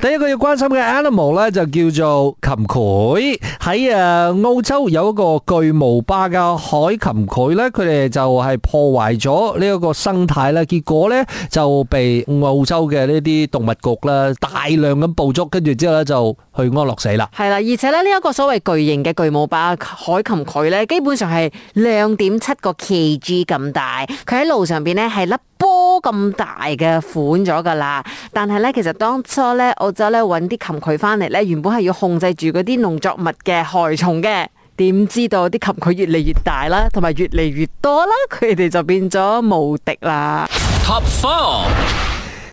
第一個要關心嘅 animal 咧就叫做蟾蜍。喺誒、啊、澳洲有一個巨無霸嘅海蟾蜍，咧，佢哋就係破壞咗呢一個生態啦，結果咧就被澳洲嘅呢啲動物局啦大量咁捕捉，跟住之後咧就去安樂死啦。係啦，而且咧呢一個所謂巨型嘅巨無霸海蟾蜍咧，基本上係兩點七個 kg 咁大，佢喺路上邊咧係粒波咁大嘅款咗㗎喇，但係呢，其實當初呢，澳洲呢揾啲琴佢返嚟呢，原本係要控制住嗰啲農作物嘅害蟲嘅，點知道啲琴佢越嚟越大啦，同埋越嚟越多啦，佢哋就變咗無敵啦。Top 4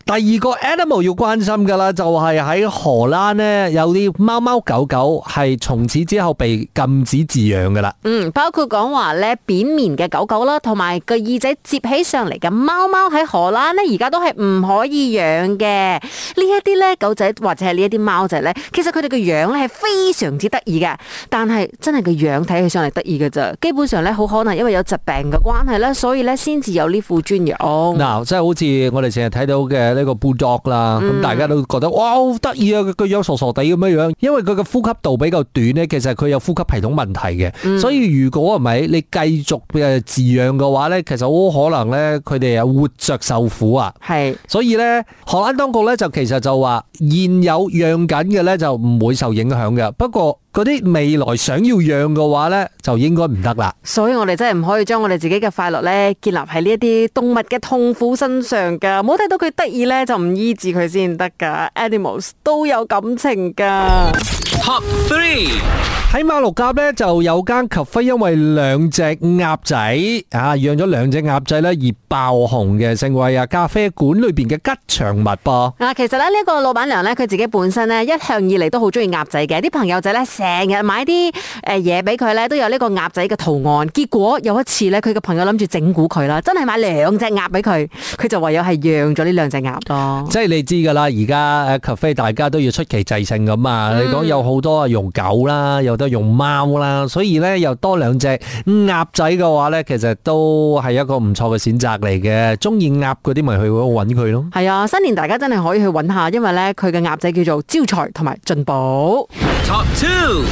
第二個 animal 要關心噶啦，就係喺荷蘭呢，有啲貓貓狗狗係從此之後被禁止飼養噶啦。嗯，包括講話咧扁面嘅狗狗啦，同埋個耳仔折起上嚟嘅貓貓喺荷蘭呢，而家都係唔可以養嘅。呢一啲咧狗仔或者係呢一啲貓仔咧，其實佢哋嘅樣咧係非常之得意嘅，但係真係個樣睇起上嚟得意嘅咋。基本上咧，好可能因為有疾病嘅關係啦，所以咧先至有呢副尊容。嗱，真係好似我哋成日睇到嘅。一個布啦，咁大家都覺得、嗯、哇，好得意啊！個個樣傻傻地咁樣樣，因為佢嘅呼吸道比較短咧，其實佢有呼吸系統問題嘅，嗯、所以如果唔係你繼續誒飼養嘅話咧，其實好可能咧，佢哋啊活着受苦啊。係是，所以咧，荷蘭當局咧就其實就話，現有養緊嘅咧就唔會受影響嘅，不過。嗰啲未來想要養嘅話呢，就應該唔得啦。所以我哋真係唔可以將我哋自己嘅快樂呢建立喺呢一啲動物嘅痛苦身上噶，冇睇到佢得意呢，就唔醫治佢先得噶。Animals 都有感情噶。3 Top three。喺馬六甲咧，就有間咖啡，因為兩隻鴨仔啊，養咗兩隻鴨仔咧而爆紅嘅，成為啊咖啡館裏邊嘅吉祥物噃。啊，其實咧呢個老闆娘咧，佢自己本身咧一向以嚟都好中意鴨仔嘅，啲朋友仔咧成日買啲誒嘢俾佢咧，都有呢個鴨仔嘅圖案。結果有一次咧，佢嘅朋友諗住整蠱佢啦，真係買兩隻鴨俾佢，佢就唯有係養咗呢兩隻鴨。即係你知噶啦，而家誒咖啡大家都要出奇制勝咁啊！你講有好多用狗啦，嗯都用貓啦，所以咧又多兩隻鴨仔嘅話咧，其實都係一個唔錯嘅選擇嚟嘅。中意鴨嗰啲咪去搵佢咯。係啊，新年大家真係可以去搵下，因為咧佢嘅鴨仔叫做招財同埋進寶。Top two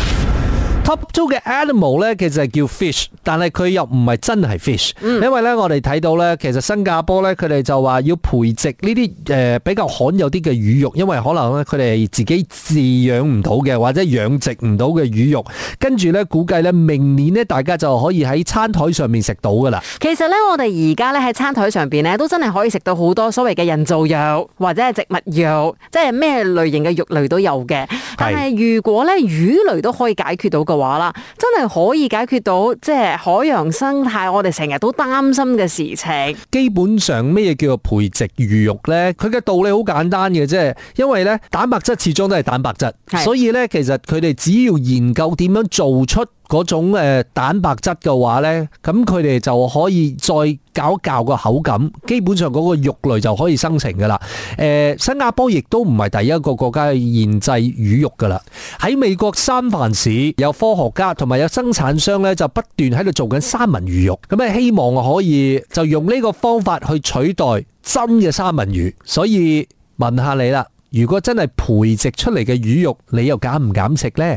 top two 嘅 animal 咧，其實係叫 fish，但係佢又唔係真係 fish，因為咧我哋睇到咧，其實新加坡咧佢哋就話要培植呢啲誒比較罕有啲嘅魚肉，因為可能咧佢哋自己飼養唔到嘅，或者養殖唔到嘅魚肉，跟住咧估計咧明年咧大家就可以喺餐台上面食到噶啦。其實咧我哋而家咧喺餐台上邊咧都真係可以食到好多所謂嘅人造肉或者係植物肉，即係咩類型嘅肉類都有嘅。但係如果咧魚類都可以解決到個。話啦，真係可以解決到即係海洋生態，我哋成日都擔心嘅事情。基本上咩嘢叫做培植魚肉呢？佢嘅道理好簡單嘅啫，因為呢蛋白質始終都係蛋白質，的所以呢，其實佢哋只要研究點樣做出。嗰種蛋白質嘅話呢，咁佢哋就可以再搞一搞個口感，基本上嗰個肉類就可以生成嘅啦。誒、呃，新加坡亦都唔係第一個國家嘅研製魚肉噶啦。喺美國三藩市有科學家同埋有生產商呢，就不斷喺度做緊三文魚肉，咁啊希望可以就用呢個方法去取代真嘅三文魚。所以問下你啦，如果真係培植出嚟嘅魚肉，你又敢唔敢食呢？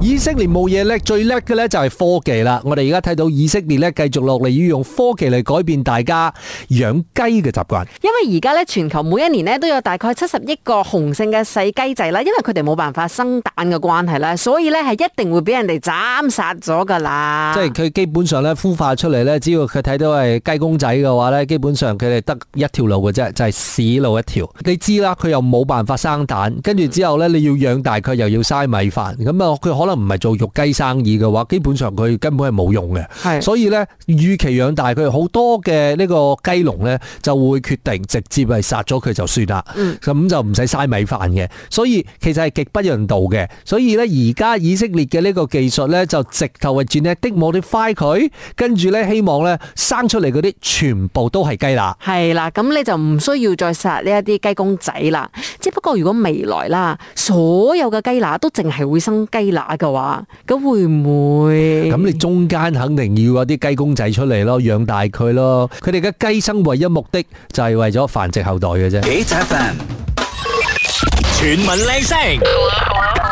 以色列冇嘢叻，最叻嘅咧就係科技啦。我哋而家睇到以色列咧，繼續落嚟要用科技嚟改變大家養雞嘅習慣。因為而家咧全球每一年咧都有大概七十億個雄性嘅細雞仔啦，因為佢哋冇辦法生蛋嘅關係啦，所以咧係一定會俾人哋斬殺咗噶啦。即係佢基本上咧孵化出嚟咧，只要佢睇到係雞公仔嘅話咧，基本上佢哋得一條路嘅啫，就係、是、死路一條。你知啦，佢又冇辦法生蛋，跟住之後咧你要養大佢又要嘥米飯，咁啊佢可。可能唔係做肉雞生意嘅話，基本上佢根本係冇用嘅。是所以呢，預期養大佢好多嘅呢個雞籠呢，就會決定直接係殺咗佢就算啦。嗯，咁就唔使嘥米飯嘅。所以其實係極不人道嘅。所以呢，而家以色列嘅呢個技術呢，就直頭係剪咧的某啲塊佢，跟住呢，希望呢生出嚟嗰啲全部都係雞乸。係啦，咁你就唔需要再殺呢一啲雞公仔啦。只不過如果未來啦，所有嘅雞乸都淨係會生雞乸嘅話，咁會唔會？咁你中間肯定要有啲雞公仔出嚟咯，養大佢咯。佢哋嘅雞生唯一目的就係為咗繁殖後代嘅啫。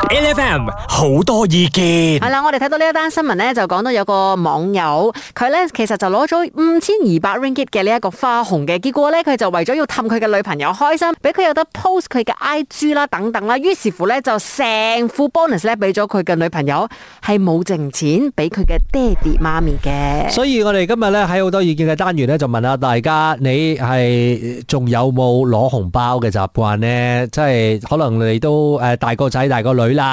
L.F.M. 好多意見係啦，我哋睇到呢一單新聞咧，就講到有個網友佢咧，其實就攞咗五千二百 ringgit 嘅呢一個花紅嘅，結果咧，佢就為咗要氹佢嘅女朋友開心，俾佢有得 post 佢嘅 IG 啦，等等啦，於是乎咧，就成副 bonus 咧，俾咗佢嘅女朋友係冇剩錢俾佢嘅爹哋媽咪嘅。所以我哋今日咧喺好多意見嘅單元咧，就問下大家，你係仲有冇攞紅包嘅習慣呢？即係可能你都誒大個仔大個女啦。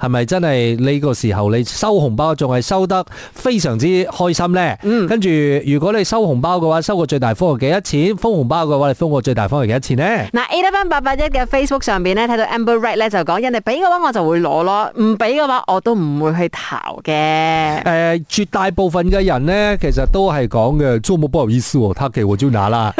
係咪真係呢個時候你收紅包仲係收得非常之開心咧？嗯、跟住如果你收紅包嘅話，收過最大封係幾多錢？封紅包嘅話，你封過最大封係幾多錢呢？嗱，eight eight one 嘅 Facebook 上邊咧，睇到 amber right 咧就講，人哋俾嘅話我就會攞咯，唔俾嘅話我都唔會去投嘅。誒，絕大部分嘅人呢，其實都係講嘅，做冇咁有意思，太奇妙就拿啦。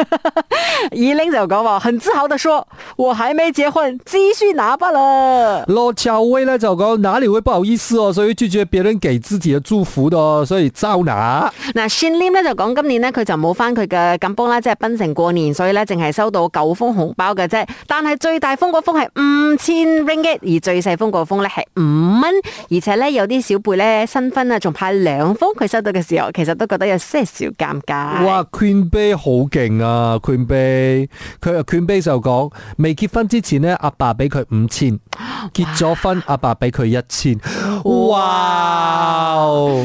伊玲就講話，很自豪地說：我還沒結婚，繼續拿罷了。羅朝威呢就講，哪裡會不好意思哦，所以拒絕別人給自己嘅祝福的，所以照拿。嗱，Shin Lim 咧就講，今年呢，佢就冇翻佢嘅金寶啦，即係檳城過年，所以呢淨係收到九封紅包嘅啫。但係最大封嗰封係五千 Ringgit，而最細封嗰封咧係五蚊。而且呢，有啲小輩咧新婚啊，仲派兩封，佢收到嘅時候，其實都覺得有些少尷尬。哇，Queen Bee 好勁啊，Queen Bee 佢佢又攣悲就講，未結婚之前咧，阿爸俾佢五千，結咗婚阿爸俾佢一千，哇！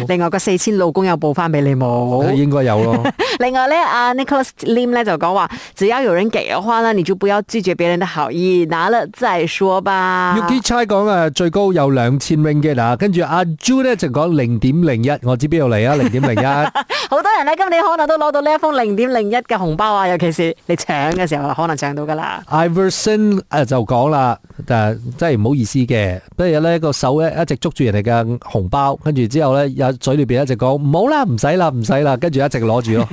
另外個四千老公又報翻俾你冇？哦、應該有咯、啊。 另外咧，阿 Nicholas Lim 咧就講話，只要有人 give 嘅話咧，你就不要拒絕別人的好意，拿了再說吧。Yuki 差講誒，最高有兩千 ringgit，跟住阿 Jude 咧就講零點零一，我知邊度嚟啊，零點零一。好 多人咧，今年可能都攞到呢一封零點零一嘅紅包啊，尤其是搶嘅時候可能搶到噶啦，Iverson 誒就講啦，但係真係唔好意思嘅，不如咧個手咧一直捉住人哋嘅紅包，跟住之後咧有嘴裏邊一直講唔好啦，唔使啦，唔使啦，跟住一直攞住咯。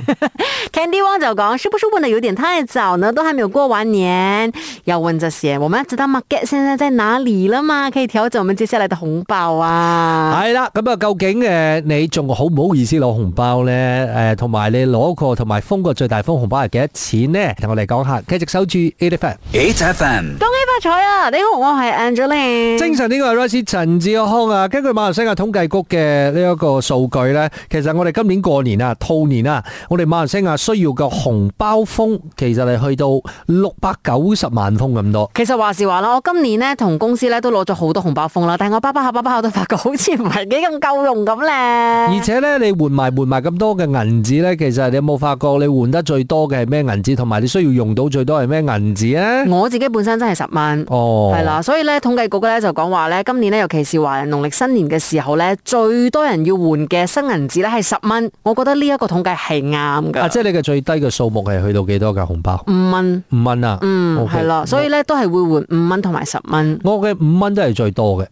Candy Wong 就講，是不是問得有點太早呢？都還沒有過完年，要問這些，我們知道嗎？market 現在在哪裏了嘛？可以調整我們接下來的紅包啊！係啦，咁 啊樂、嗯嗯，究竟誒，你仲好唔好意思攞紅包咧？誒、嗯，同埋你攞過同埋封過最大封紅包係幾多錢呢？同我哋講下，繼續守住 Eight FM，Eight FM，恭喜發財啊！你好，我係 Angeline，精神呢個係 Rice 陳志康啊！根據馬來西亞統計局嘅呢一個數據咧，其實我哋今年過年啊，兔年啊，我哋馬來西亞。需要嘅紅包封其實係去到六百九十萬封咁多。其實話是話話時話啦，我今年咧同公司咧都攞咗好多紅包封啦，但係我包包下包包下都發覺好似唔係幾咁夠用咁咧。而且咧，你換埋換埋咁多嘅銀紙咧，其實你有冇發覺你換得最多嘅係咩銀紙？同埋你需要用到最多係咩銀紙咧？我自己本身真係十蚊。哦，係啦，所以咧統計局咧就講話咧，今年咧尤其是華人農曆新年嘅時候咧，最多人要換嘅新銀紙咧係十蚊。我覺得呢一個統計係啱㗎。啊，即係你。最低嘅數目係去到幾多嘅紅包？五蚊，五蚊啊，嗯，係咯 Okay.，所以咧都係會換五蚊同埋十蚊。我嘅五蚊都係最多嘅。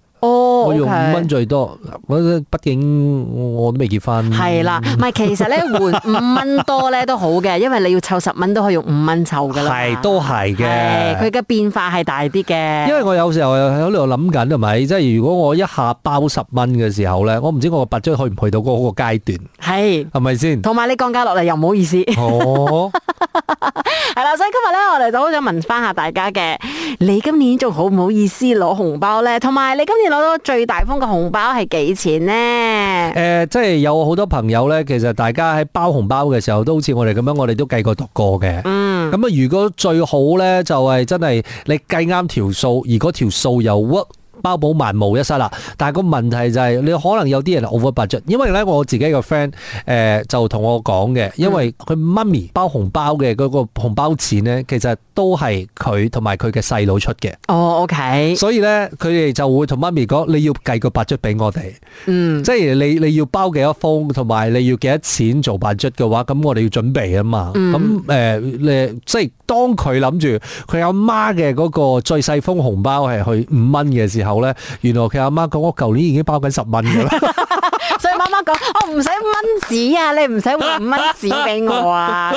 Okay. 我用五蚊最多，我畢竟我都未結婚。係啦，唔係，其實咧換五蚊多咧都好嘅，因為你要湊十蚊都可以用五蚊湊噶啦。係都係嘅，佢嘅變化係大啲嘅。因為我有時候喺度諗緊，係咪即係如果我一下包十蚊嘅時候咧，我唔知我個白章去唔去到嗰個階段。係係咪先？同埋你降價落嚟，又唔好意思。哦 所以今日咧，我哋就好想問翻下大家嘅，你今年仲好唔好意思攞紅包呢？同埋你今年攞到最大封嘅紅包係幾錢呢？誒、呃，即係有好多朋友呢，其實大家喺包紅包嘅時候，都好似我哋咁樣，我哋都計過讀過嘅。嗯。咁啊，如果最好呢，就係、是、真係你計啱條數，而嗰條數又 work。包保萬無一失啦，但係個問題就係你可能有啲人 over 八卒，因為咧我自己個 friend 誒就同我講嘅，因為佢媽咪包紅包嘅嗰個紅包錢咧，其實都係佢同埋佢嘅細佬出嘅。哦、oh，OK。所以咧，佢哋就會同媽咪講，你要計個八卒俾我哋。嗯、mm。即係你你要包幾多封，同埋你要幾多錢做八卒嘅話，咁我哋要準備啊嘛。嗯、mm。咁誒咧，即係當佢諗住佢阿媽嘅嗰個最細封紅包係去五蚊嘅時候。原來佢阿媽講，我舊年已經包緊十蚊噶啦，所以媽媽講，我唔使蚊紙啊，你唔使換蚊紙俾我啊，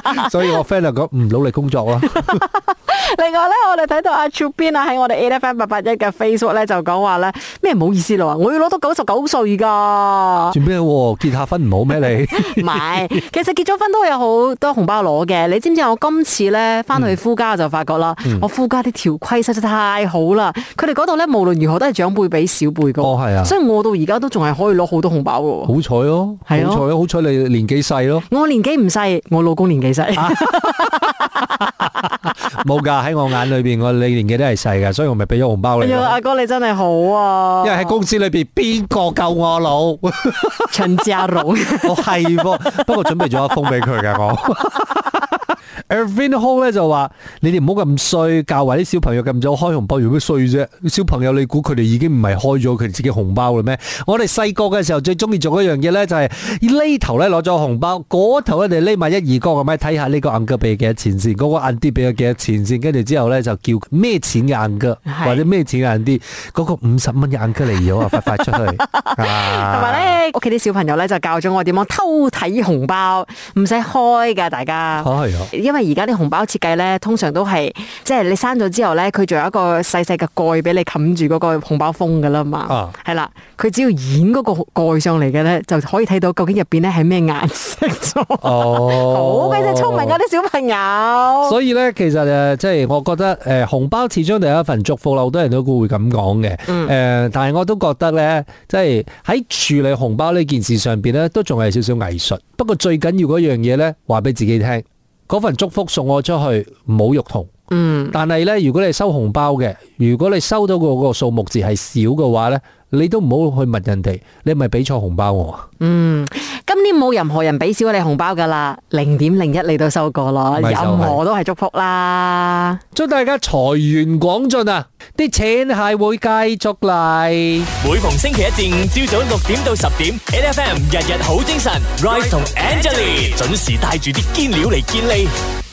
所以我 friend 就講唔努力工作啦、啊。 話咧，我哋睇到阿趙邊啊喺我哋 A F M 八八一嘅 Facebook 咧就講話咧咩唔好意思咯，我要攞到九十九歲噶。做咩？結下婚唔好咩？你唔係，其實結咗婚都有好多紅包攞嘅。你知唔知我今次咧翻去夫家就發覺啦，嗯、我夫家啲條規實在太好啦。佢哋嗰度咧無論如何都係長輩俾小輩嘅。哦，係、啊、所以我到而家都仲係可以攞好多紅包嘅。好彩咯，好彩好彩你年紀細咯。我年紀唔細，我老公年紀細。冇噶，喺我我眼裏邊我你年紀都係細嘅，所以我咪俾咗紅包你。阿、哎、哥你真係好啊！因為喺公司裏邊邊個夠我老陳 家豪老，我係個不過準備咗一封俾佢嘅我。 Erwin Ho 咧就話：你哋唔好咁衰，教壞啲小朋友咁早開紅包，有咩衰啫？小朋友，你估佢哋已經唔係開咗佢自己紅包啦咩？我哋細個嘅時候最中意做一樣嘢咧，就係呢頭咧攞咗紅包，嗰頭你匿埋一二個咁樣睇下呢個銀角畀幾多錢，先，嗰個銀啲畀咗幾多錢，先。跟住之後咧就叫咩錢嘅銀角或者咩錢嘅銀啲，嗰、嗰個五十蚊嘅銀嚟咗啊，發發是的 出去。同埋咧，屋企啲小朋友咧就教咗我點樣偷睇紅包，唔使開噶，大家。 啊因為而家啲紅包設計咧，通常都係即係你閂咗之後咧，佢仲有一個細細嘅蓋俾你冚住嗰個紅包封噶啦嘛。哦、啊，係啦，佢只要演嗰個蓋上嚟嘅咧，就可以睇到究竟入邊咧係咩顏色。 哦， 好鬼死聰明啊！啲小朋友。所以咧，其實誒，即係我覺得誒，紅包始終係一份祝福啦。好多人都會咁講嘅。誒、嗯呃，但係我都覺得咧，即係喺處理紅包呢件事上邊咧，都仲係少少藝術。不過最緊要嗰樣嘢咧，話俾自己聽。嗰份祝福送我出去，冇肉痛。嗯，但係咧，如果你收紅包嘅，如果你收到嗰個數目字係少嘅話咧。你都唔好去問人哋，你係咪俾錯紅包我。嗯，今年冇任何人俾少你紅包噶啦，零點零一你都收過咯，任何都係祝福啦。祝大家財源廣進啊！啲錢係會繼續嚟。每逢星期一至五朝早六點到十點，NFM 日日好精神，Rise 同 Angelie 準時帶住啲堅料嚟建立。